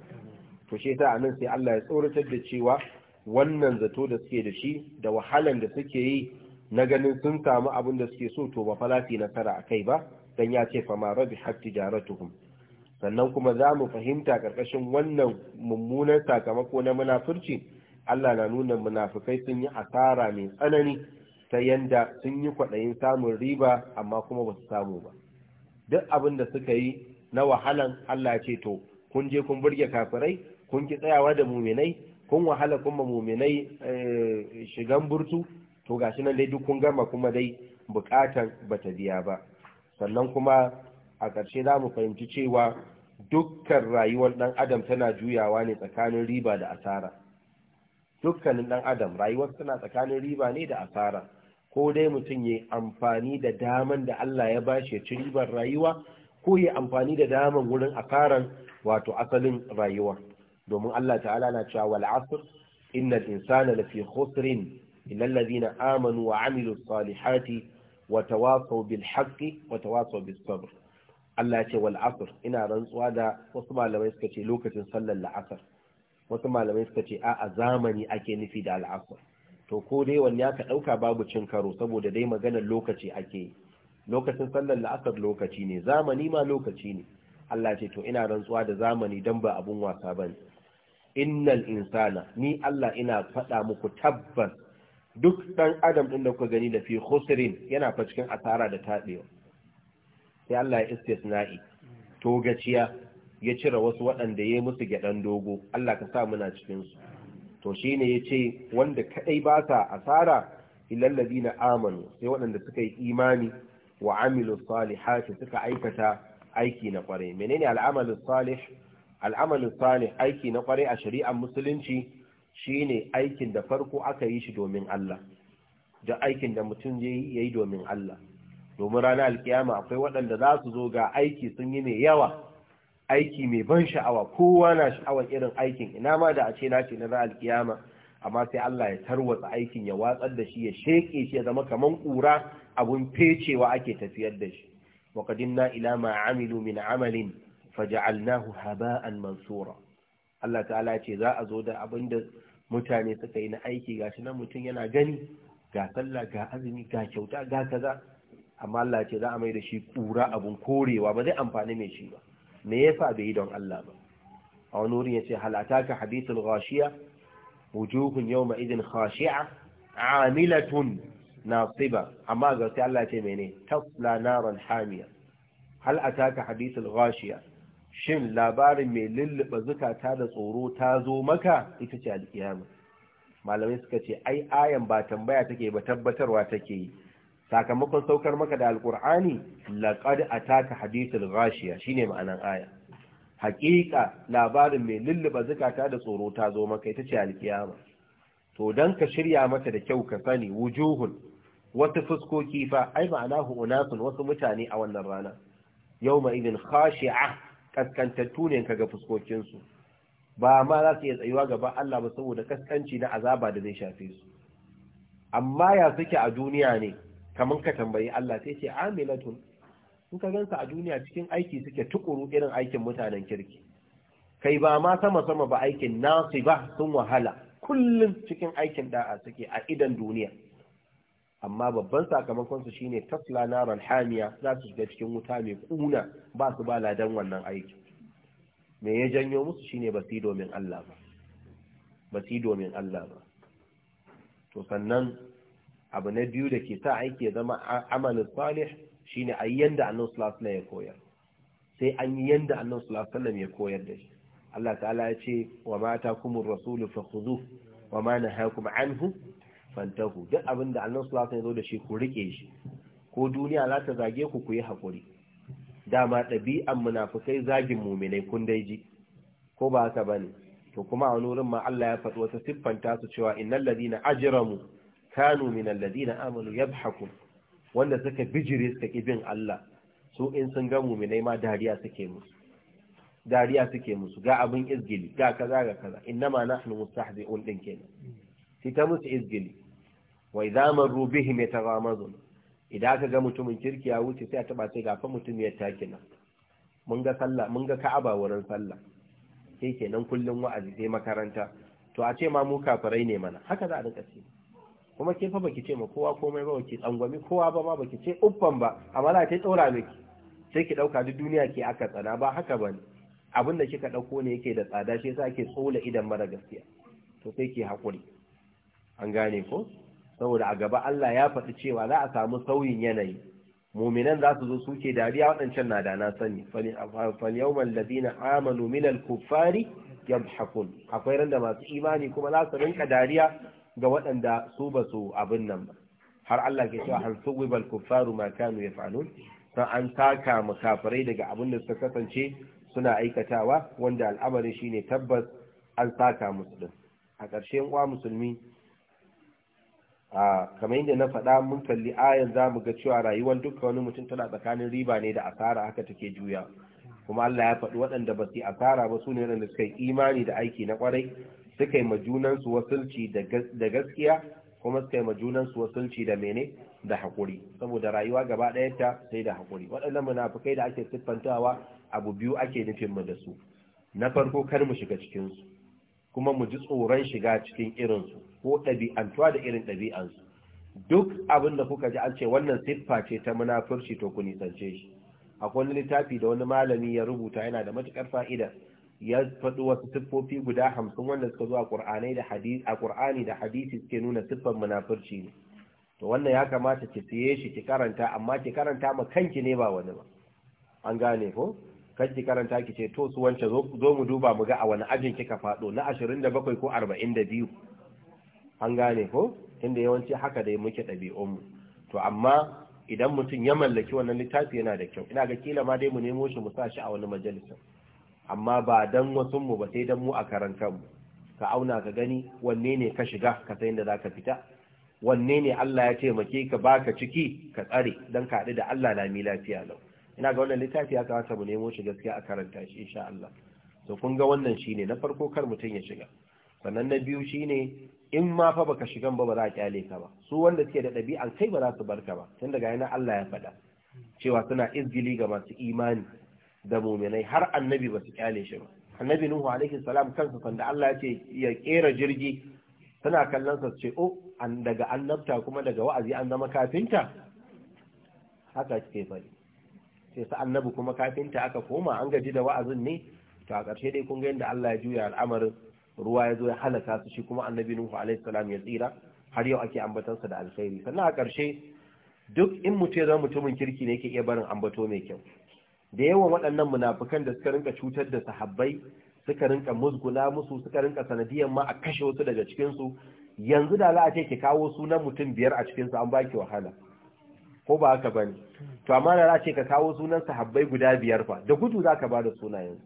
to shi yasa anan sai Allah ya tsoratar da cewa wannan zato da suke da shi da wahalan da suke yi na ganin sun samu abin da suke so to ba fa za nasara a kai ba dan ya ce fa ma rabi tijaratuhum sannan kuma za mu fahimta karkashin wannan mummunar sakamako na munafurci Allah na nuna munafukai sun yi asara mai tsanani ta yanda sun yi kwaɗayin samun riba amma kuma ba su samu ba duk abin da suka yi na wahalan Allah ce to kun je kun burge kafirai kun ki tsayawa da muminai kun wahala kuma muminai eh, shigan burtu to gashi nan dai duk kun gama kuma dai bukatan bata biya ba sannan kuma a ƙarshe za mu fahimci cewa dukkan rayuwar ɗan adam tana juyawa ne tsakanin riba da asara dukkanin ɗan adam rayuwar tana tsakanin riba ne da asara ko dai mutum ya amfani da daman da Allah ya bashi ya ci ribar rayuwa ko ya amfani da daman wurin asaran wato asalin rayuwa domin Allah ta'ala na cewa wal asr innal insana lafi khusrin illal ladina amanu wa amilus salihati wa tawasaw bil haqqi wa tawasaw bis sabr Allah ya ce wal asr ina rantsuwa da wasu malamai suka ce lokacin sallar la'asar wasu malamai suka ce a zamani ake nufi da al'asar to ko dai ya aka ɗauka babu cin karo saboda dai maganar lokaci ake lokacin sallar la'asar lokaci ne zamani ma lokaci ne Allah ce to ina rantsuwa da zamani dan ba abun wasa ba ne innal insana ni Allah ina faɗa muku tabbas duk dan adam din da kuka gani da fi khusrin yana fa cikin asara da tabewa sai Allah ya istisna'i to gaciya ya cire wasu waɗanda ya yi musu gyaɗan dogo Allah ka sa muna cikin su to shine ya ce wanda kaɗai ba sa asara ilallabi na amanu sai waɗanda suka yi imani wa amilu salihati suka aikata aiki na kware menene al'amalu salih al'amalu salih aiki na kware a shari'ar musulunci shine aikin da farko aka yi shi domin Allah da aikin da mutum ya yi domin Allah domin ranar alkiyama akwai waɗanda za su zo ga aiki sun yi mai yawa aiki mai ban sha'awa kowa na sha'awar irin aikin ina ma da a ce na ce na alkiyama amma sai Allah ya tarwatsa aikin ya watsar da shi ya sheke shi ya zama kamar kura abun fecewa ake tafiyar da shi wa na ila ma amilu min amalin faja'alnahu haba'an mansura Allah ta'ala ya ce za a zo da abin da mutane suka yi na aiki gashi nan mutum yana gani ga sallah ga azumi ga kyauta ga kaza amma Allah ce za a mai da shi kura abun korewa ba zai amfani mai shi ba me yasa bai yi don Allah ba a wani wurin yace halataka hadithul ghashiya wujuhun yawma idin khashi'a amilatun nasiba amma ga sai Allah ce mene tasla naran hamiya hal ataka hadithul ghashiya shin labarin mai lulluba zukata da tsoro ta zo maka ita ce alkiyama malamai suka ce ai ayan ba tambaya take ba tabbatarwa take yi sakamakon saukar maka da alkur'ani laqad ataka hadithul ghashiya shine ma'anan aya haƙiƙa labarin mai lulluba zukata da tsoro ta zo maka ita ce alkiyama to dan ka shirya mata da kyau ka sani wujuhun wasu fuskoki fa ai ma'anahu unasun wasu mutane a wannan rana yawma idin khashi'a kaskantattu ne kaga fuskokin su ba ma za su iya tsayuwa gaba Allah ba saboda kaskanci na azaba da zai shafe su amma ya suke a duniya ne kamar ka tambayi Allah sai ce amilatun in ka gansa a duniya cikin aiki suke tukuru irin aikin mutanen kirki kai ba ma sama sama ba aikin nasi ba sun wahala kullum cikin aikin da'a suke a idan duniya amma babban sakamakonsu shine tasla naran hamiya za su shiga cikin wuta mai kuna ba su ba ladan wannan aikin me ya janyo musu shine ba su domin Allah ba ba domin Allah ba to sannan abu na biyu da ke sa aiki ya zama amalin salih shine a yanda annabi sallallahu ya koyar sai an yi yanda annabi sallallahu ya koyar da shi Allah ta'ala ya ce wa ma takumur rasul fakhudhu wa ma haiku anhu fantahu duk abin da annabi sallallahu ya zo da shi ku rike shi ko duniya za ta zage ku ku yi hakuri dama ɗabi'an munafukai zagin muminai kun dai ji ko ba haka ne? to kuma a nurin ma Allah ya faɗi wata siffanta su cewa innal ladina ajramu kanu min alladina amanu yabhaku wanda suka bijire suka kibin Allah su in sun ga mu'minai ma dariya suke musu dariya suke musu ga abin izgili ga kaza ga kaza innama nahnu mustahzi'un din kenan sai ta musu izgili wa idza marru bihim yataghamazun idan ka ga mutumin kirki ya wuce sai a taba sai fa mutum ya taki nan mun ga sallah mun ga Ka'aba wurin sallah sai kenan kullun wa'azi sai makaranta to a ce ma mu kafirai ne mana haka za a rinka cewa kuma ke fa baki ce ma kowa komai ba baki tsangwami kowa ba ma baki ce uffan ba amma za ta tsora miki sai ki dauka duk duniya ke aka tsana ba haka bane abin da kika dauko ne yake da tsada shi yasa ake tsola idan mara gaskiya to sai ki hakuri an gane ko saboda a gaba Allah ya faɗi cewa za a samu sauyin yanayi muminan za su zo suke dariya waɗancan na da na sani fal yawmal ladina amanu minal kuffari yadhakun akwai randa masu imani kuma za su rinka dariya ga waɗanda su ba su abin nan ba har Allah ke cewa hal suwibal kuffaru ma kanu yaf'alun san an taka makafirai daga abin da suka kasance suna aikatawa wanda al'amarin shine tabbas an taka musu din a ƙarshen uwa musulmi a kamar yadda na faɗa mun kalli ayan za mu ga cewa rayuwar dukkan wani mutum tana tsakanin riba ne da asara haka take juya kuma Allah ya faɗi waɗanda ba su asara ba su ne waɗanda suka yi imani da aiki na kwarai. suka yi majunansu wasulci da gaskiya kuma suka yi majunansu wasulci da mene da haƙuri saboda rayuwa gaba ɗaya ta sai da haƙuri waɗannan munafukai da ake siffantawa abu biyu ake nufin mu da su na farko kar mu shiga cikinsu kuma mu ji tsoron shiga cikin irinsu ko ɗabi'antuwa da irin ɗabi'ansu duk abin da kuka ji an ce wannan siffa ce ta munafurci to ku nisance shi akwai wani littafi da wani malami ya rubuta yana da matuƙar fa'ida ya faɗi wasu siffofi guda hamsin wanda suka zo a ƙur'ani da hadisi suke nuna siffan munafurci ne to wannan ya kamata ki siye shi ki karanta amma ki karanta ma kanki ne ba wani ba an gane ko kan ki karanta ki ce to su wance zo mu duba mu ga a wani ajin kika faɗo na 27 ko 42 an gane ko tunda yawanci haka dai muke ɗabi'un mu to amma idan mutum ya mallaki wannan littafi yana da kyau ina ga kila ma dai mu nemo shi mu sa shi a wani majalisar. amma ba dan wasunmu mu ba sai dan mu a karan kanmu ka auna ka gani wanne ne ka shiga ka sai inda zaka fita wanne ne Allah ya taimake ka baka ciki ka tsare dan ka haɗu da Allah na mi lafiya lau ina ga wannan littafi ya kamata mu nemo shi gaskiya a karanta shi insha Allah to kun ga wannan shine na farko kar mutum ya shiga sannan na biyu shine in ma fa baka shigan ba ba za a kyale ka ba su wanda suke da ɗabi'an kai ba za su barka ba Tunda daga yana Allah ya faɗa cewa suna izgili ga masu imani da muminai har annabi ba su kyale shi ba annabi nuhu alaihi salam kansa sanda Allah ya ce ya kera jirgi tana kallon sa ce o oh, an daga annabta kuma daga wa'azi an zama kafinta haka ce faɗi sai sa annabi kuma kafinta aka koma an gaji da wa'azin ne to a ƙarshe dai kun ga yadda Allah ya juya al'amarin ruwa ya zo ya halaka su shi kuma annabi nuhu alaihi salam ya tsira har yau ake ambatansa da alkhairi sannan a ƙarshe duk in mutum ya zama mutumin kirki ne yake iya barin ambato mai kyau da yawan waɗannan munafukan da suka rinka cutar da sahabbai suka rinka musgula musu suka rinka sanadiyan ma a kashe wasu daga cikin su yanzu da za a ce ki kawo sunan mutum biyar a cikin su an baki wahala ko ba haka bane to amma da za a ce ka kawo sunan sahabbai guda biyar fa da gudu za ka bada sunayen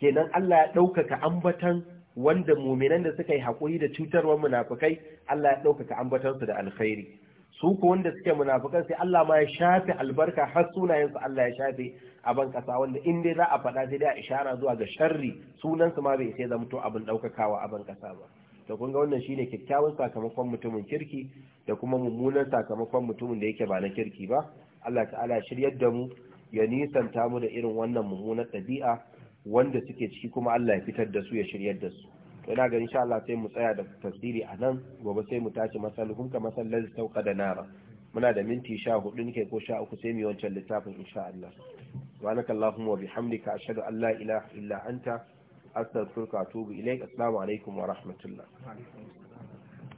kenan Allah ya ɗaukaka ambatan wanda muminan da suka yi haƙuri da cutarwar munafukai Allah ya ɗaukaka su da alkhairi su ko wanda suke munafukan sai Allah ma ya shafe albarka har sunayen su Allah ya shafe a ban kasa wanda in dai za a faɗa sai dai a ishara zuwa ga sharri sunansu ma bai sai zamto abin daukakawa a ban kasa ba to kun ga wannan shine kyakkyawan sakamakon mutumin kirki da kuma mummunan sakamakon mutumin da yake ba na kirki ba Allah ta'ala shiryar da mu ya nisanta mu da irin wannan mummunar ɗabi'a wanda suke ciki kuma Allah ya fitar da su ya shiryar da su yana ga insha Allah sai mu tsaya da tafsiri a nan gobe sai mu tashi masalukum ka masallaz sauka da nara muna da minti sha hudu ne ko sha uku sai mu wancan littafin insha Allah subhanaka allahumma wa bihamdika ashhadu an la ilaha illa anta astaghfiruka wa atubu ilaik assalamu alaikum wa rahmatullah